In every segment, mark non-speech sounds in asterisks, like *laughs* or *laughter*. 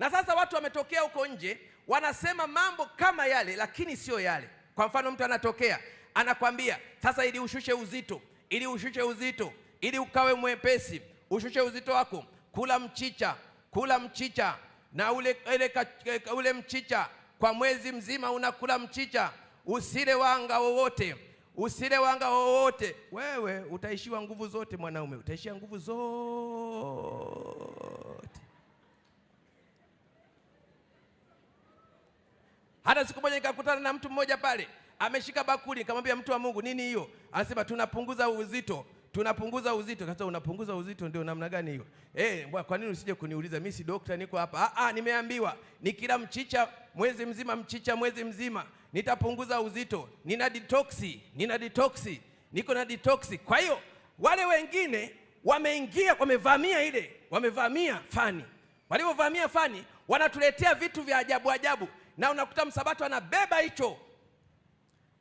Na sasa watu wametokea huko nje wanasema mambo kama yale, lakini sio yale. Kwa mfano, mtu anatokea anakwambia sasa, ili ushushe uzito, ili ushushe uzito, ili ukawe mwepesi, ushushe uzito wako, kula mchicha, kula mchicha na ule, ule, ule mchicha kwa mwezi mzima, unakula mchicha, usile wanga wowote, usile wanga wowote. Wewe utaishiwa nguvu zote, mwanaume, utaishia nguvu zote. Hata siku moja nikakutana na mtu mmoja pale ameshika bakuli, nikamwambia mtu wa Mungu, nini hiyo? Anasema tunapunguza uzito tunapunguza uzito. Sasa unapunguza uzito ndio namna gani hiyo? Eh, mbona kwa nini usije kuniuliza? Mimi si daktari, niko hapa. Ah, ah, nimeambiwa nikila mchicha mwezi mzima, mchicha mwezi mzima nitapunguza uzito. Nina detox, nina detox, niko na detox. Kwa hiyo wale wengine wameingia, wamevamia ile, wamevamia fani. Walivyovamia fani, wanatuletea vitu vya ajabu ajabu na unakuta msabato anabeba hicho.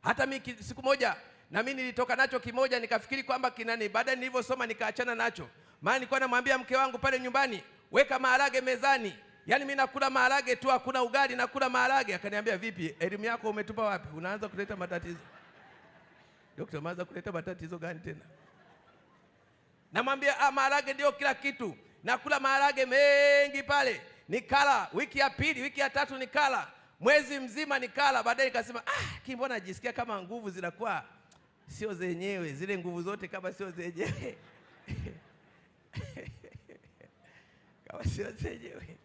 Hata mimi siku moja na mimi nilitoka nacho kimoja, nikafikiri kwamba kinani, baada nilivyosoma nikaachana nacho, maana nilikuwa namwambia mke wangu pale nyumbani, weka maharage mezani, yaani mimi nakula maharage tu, hakuna ugali, nakula maharage. Akaniambia, vipi, elimu yako umetupa wapi? Unaanza kuleta matatizo Doktor, umeanza kuleta matatizo gani tena? Namwambia ah, maharage ndio kila kitu, nakula maharage mengi pale, nikala wiki ya pili, wiki ya tatu nikala mwezi mzima nikala, baadaye nikasema ah, kimbona najisikia kama nguvu zinakuwa sio zenyewe, zile nguvu zote kama sio zenyewe *laughs* kama sio zenyewe.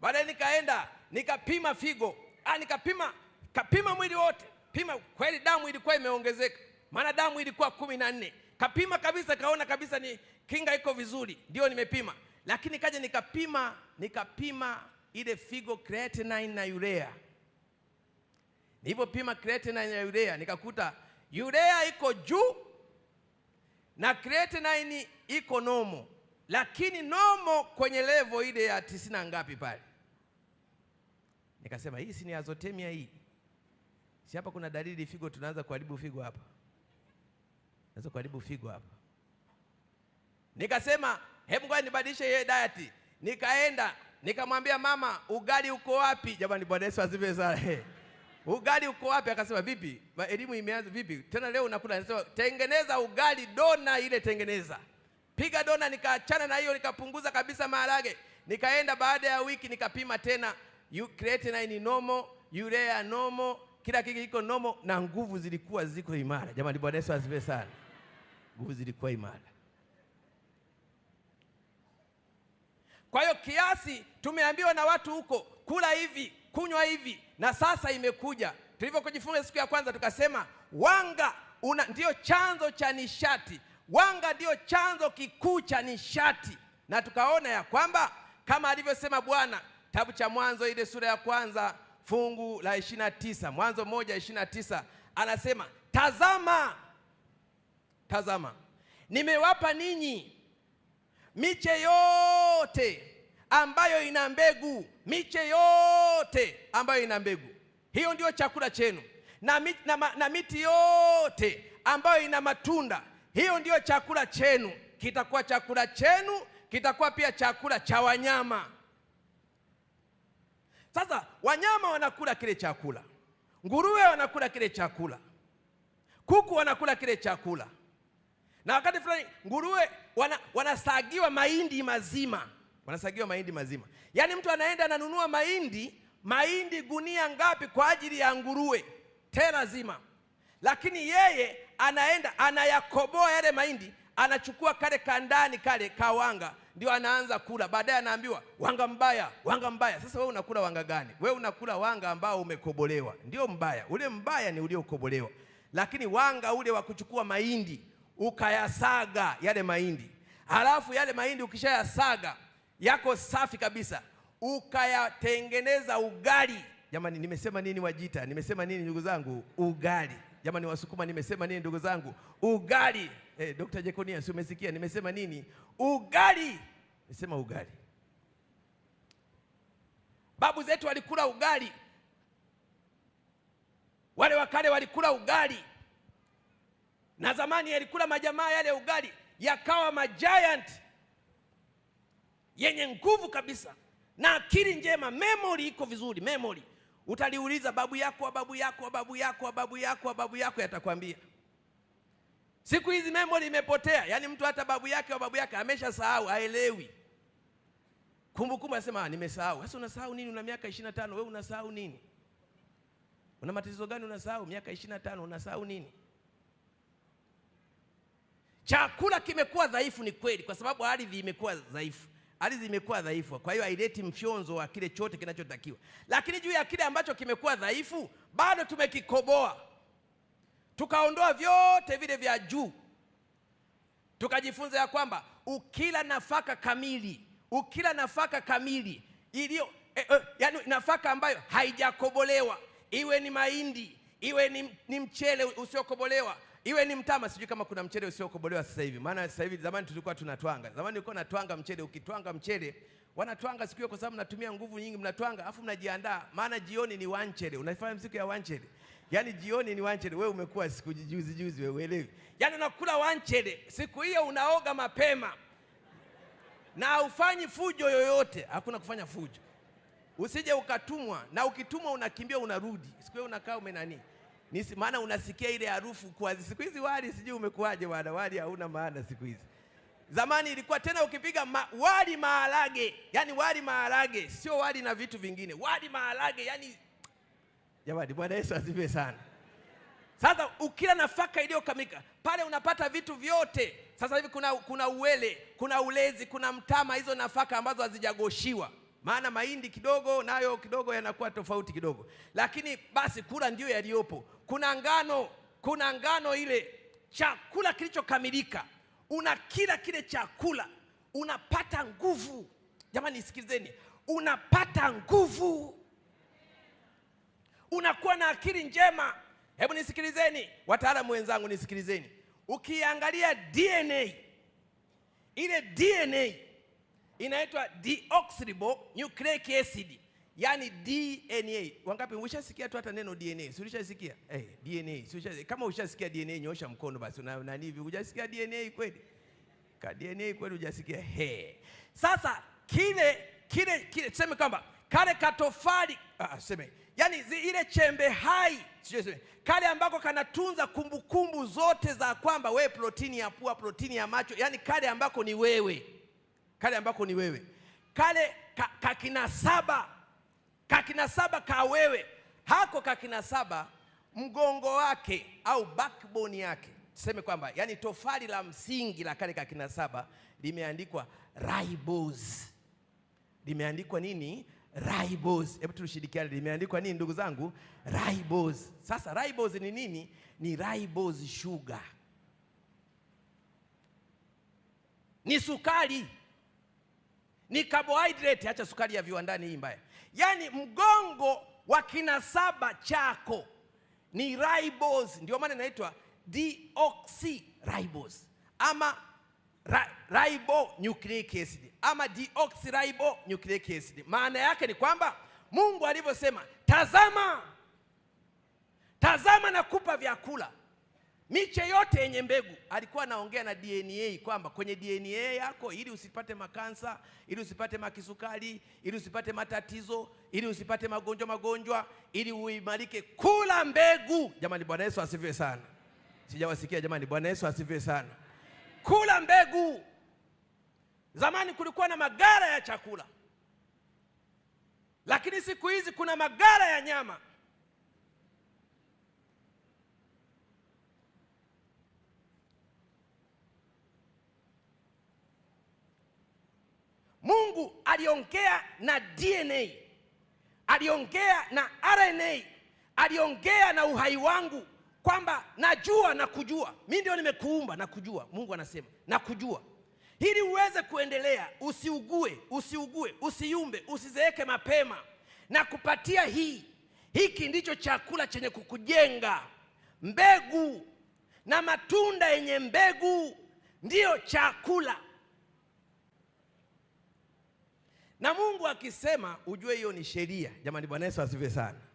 Baadaye nikaenda nikapima figo ah, nikapima kapima mwili wote, pima kweli, damu ilikuwa imeongezeka, maana damu ilikuwa kumi na nne. Kapima kabisa, kaona kabisa ni kinga iko vizuri, ndio nimepima. Lakini kaja nikapima nikapima ile figo creatinine na urea. Nilipopima creatinine na urea nikakuta urea iko juu na creatinine iko nomo, lakini nomo kwenye levo ile ya tisini na ngapi pale. Nikasema hii si ni azotemia hii? Si hapa kuna dalili figo, tunaanza kuharibu figo hapa, naanza kuharibu figo hapa. Nikasema hebu ngoja nibadilishe ile diet, nikaenda Nikamwambia mama, ugali uko wapi? Jamani, Bwana Yesu azipe sana. *laughs* Ugali uko wapi? Akasema vipi? Elimu imeanza vipi? Tena leo unakula. Anasema tengeneza ugali dona ile tengeneza. Piga dona nikaachana na hiyo nikapunguza kabisa maharage. Nikaenda baada ya wiki nikapima tena you creatinine ni nomo, urea nomo, kila kitu kiko nomo na nguvu zilikuwa ziko imara. Jamani, Bwana Yesu azipe sana. Nguvu zilikuwa imara. Kwa hiyo kiasi tumeambiwa na watu huko kula hivi, kunywa hivi, na sasa imekuja. Tulivyokujifunza siku ya kwanza tukasema wanga una ndio chanzo cha nishati, wanga ndio chanzo kikuu cha nishati, na tukaona ya kwamba kama alivyosema Bwana kitabu cha Mwanzo ile sura ya kwanza fungu la 29 Mwanzo moja tisa anasema tazama, tazama nimewapa ninyi miche yote ambayo ina mbegu, miche yote ambayo ina mbegu, hiyo ndiyo chakula chenu, na miti, na, na miti yote ambayo ina matunda, hiyo ndiyo chakula chenu. Kitakuwa chakula chenu, kitakuwa pia chakula cha wanyama. Sasa wanyama wanakula kile chakula, nguruwe wanakula kile chakula, kuku wanakula kile chakula na wakati fulani nguruwe wana, wanasagiwa mahindi mazima, wanasagiwa mahindi mazima. Yaani mtu anaenda ananunua mahindi, mahindi gunia ngapi kwa ajili ya nguruwe tela zima, lakini yeye anaenda anayakoboa yale mahindi, anachukua kale kandani kale kawanga, ndio anaanza kula. Baadaye anaambiwa wanga mbaya, wanga mbaya. Sasa wewe unakula wanga gani? Wewe unakula wanga ambao umekobolewa, ndio mbaya. Ule mbaya ni uliokobolewa, lakini wanga ule wa kuchukua mahindi ukayasaga yale mahindi, halafu yale mahindi ukishayasaga yako safi kabisa, ukayatengeneza ugali. Jamani, nimesema nini Wajita? Nimesema nini ndugu zangu? Ugali. Jamani Wasukuma, nimesema nini ndugu zangu? Ugali. Eh, Dr. Jekonia, si umesikia nimesema nini? Ugali. Nimesema ugali. Babu zetu walikula ugali, wale wakale walikula ugali na zamani yalikula majamaa yale ugali yakawa magiant yenye nguvu kabisa, na akili njema, memory iko vizuri. Memory utaliuliza babu yako, babu yako, babu yako, babu yako, babu yako, yatakwambia. Siku hizi memory imepotea, yaani mtu hata babu yake wa babu yake ameshasahau, haelewi kumbukumbu, anasema ah, nimesahau. Sasa unasahau nini? Una miaka 25 wewe unasahau nini? Una matatizo gani unasahau? Miaka 25 unasahau nini? Chakula kimekuwa dhaifu, ni kweli, kwa sababu ardhi imekuwa dhaifu, ardhi imekuwa dhaifu, kwa hiyo haileti mfyonzo wa kile chote kinachotakiwa. Lakini juu ya kile ambacho kimekuwa dhaifu, bado tumekikoboa, tukaondoa vyote vile vya juu, tukajifunza ya kwamba ukila nafaka kamili, ukila nafaka kamili iliyo e, e, yani nafaka ambayo haijakobolewa, iwe ni mahindi, iwe ni, ni mchele usiokobolewa Iwe ni mtama, sijui kama kuna mchele usiokobolewa sasa hivi, maana sasa hivi, zamani tulikuwa tunatwanga, zamani ulikuwa natwanga mchele, ukitwanga mchele wanatwanga siku hiyo, kwa sababu mnatumia nguvu nyingi, mnatwanga afu mnajiandaa, maana jioni ni wanchele. Unafahamu siku ya wanchele? Yaani jioni ni wanchele. Wewe umekuwa siku juzi juzi, wewe uelewi. Yaani unakula wanchele siku hiyo, unaoga mapema na ufanyi fujo yoyote, hakuna kufanya fujo, usije ukatumwa, na ukitumwa unakimbia unarudi. Siku hiyo unakaa umenani Nisi maana unasikia ile harufu kwa siku hizi wali sijui umekuaje bwana, wali hauna maana siku hizi. Zamani ilikuwa tena ukipiga ma, wali maharage, yani wali maharage, sio wali na vitu vingine. Wali maharage, yani jamani, Bwana Yesu asifiwe sana. Sasa ukila nafaka iliyokamika pale unapata vitu vyote. Sasa hivi kuna, kuna uwele, kuna ulezi, kuna mtama, hizo nafaka ambazo hazijagoshiwa maana mahindi kidogo nayo kidogo yanakuwa tofauti kidogo, lakini basi kula ndiyo yaliyopo kuna ngano, kuna ngano ile, chakula kilichokamilika. Una kila kile chakula, unapata nguvu. Jamani, nisikilizeni, unapata nguvu, unakuwa na akili njema. Hebu nisikilizeni, wataalamu wenzangu, nisikilizeni. Ukiangalia DNA ile DNA inaitwa deoxyribonucleic acid yani DNA. Wangapi ulishasikia tu hata neno DNA? Si ulishasikia? Eh, DNA. Si Kama ulishasikia DNA nyosha mkono basi una nani hivi? Hujasikia DNA kweli? Ka DNA kweli hujasikia? He. Sasa kile kile kile tuseme kwamba kale katofali ah, ah seme. yani zi, ile chembe hai seme, kale ambako kanatunza kumbukumbu kumbu zote za kwamba wewe protini ya pua, protini ya macho, yani kale ambako ni wewe. Kale ambako ni wewe. Kale ka, kakina saba Kakina saba kawewe hako kakina saba, mgongo wake au backbone yake, tuseme kwamba yani tofali la msingi la kale kakina saba limeandikwa ribose. Limeandikwa nini? Ribose. Hebu tushirikiane, limeandikwa nini ndugu zangu? Ribose. Sasa ribose ni nini? Ni ribose sugar, ni sukari ni carbohydrate, acha sukari ya viwandani hii mbaya. Yaani mgongo wa kinasaba chako ni ribose, ndio maana inaitwa deoxyribose ama ribonucleic acid ama deoxyribonucleic acid. Maana yake ni kwamba Mungu alivyosema, tazama, tazama nakupa vyakula miche yote yenye mbegu. Alikuwa anaongea na DNA kwamba kwenye DNA yako, ili usipate makansa, ili usipate makisukari, ili usipate matatizo, ili usipate magonjwa magonjwa, ili uimarike, kula mbegu. Jamani, Bwana Yesu asifiwe sana. Sijawasikia jamani, Bwana Yesu asifiwe sana. Kula mbegu. Zamani kulikuwa na magara ya chakula, lakini siku hizi kuna magara ya nyama. Mungu aliongea na DNA, aliongea na RNA, aliongea na uhai wangu kwamba najua na kujua, mi ndio nimekuumba na kujua. Mungu anasema na kujua, ili uweze kuendelea, usiugue, usiugue, usiyumbe, usizeeke mapema. Na kupatia hii, hiki ndicho chakula chenye kukujenga, mbegu na matunda yenye mbegu ndiyo chakula na Mungu akisema, ujue hiyo ni sheria. Jamani, Bwana Yesu asifiwe sana.